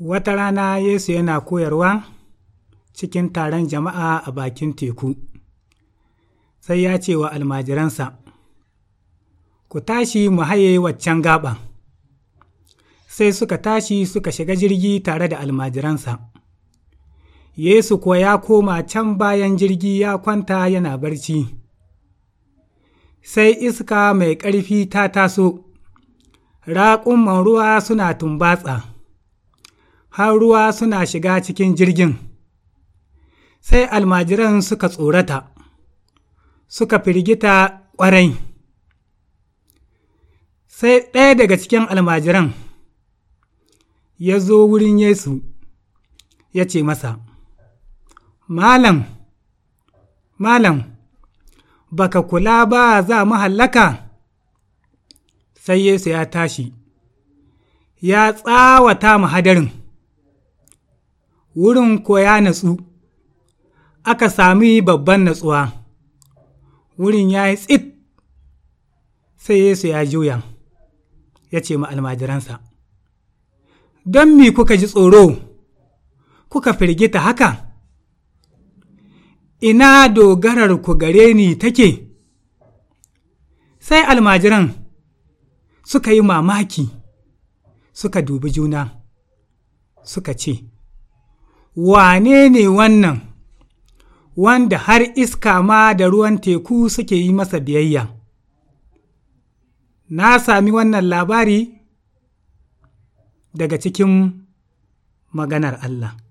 Wata rana Yesu yana koyarwa cikin taron jama'a a bakin teku, sai ya ce wa almajiransa, Ku tashi mu haye waccan gaɓa. Sai suka tashi suka shiga jirgi tare da almajiransa. Yesu kuwa ya koma can bayan jirgi ya kwanta yana barci. Sai iska mai ƙarfi ta taso, raƙumman ruwa suna tumbatsa. har ruwa suna shiga cikin jirgin sai almajiran suka tsorata suka firgita ƙwarai sai ɗaya daga cikin almajiran ya zo wurin yesu ya ce masa malam malam baka kula ba za mu hallaka sai yesu ya tashi ya tsawata mu hadarin wurin ko ya natsu aka sami babban natsuwa wurin ya yi tsit sai yesu ya juya ya ce ma almajiransa don mi kuka ji tsoro kuka firgita haka ina dogarar ku gare ni take sai almajiran suka yi mamaki suka dubi juna suka ce wane ne wannan wanda har iska ma da ruwan teku suke yi masa biyayya na sami wannan labari daga cikin maganar Allah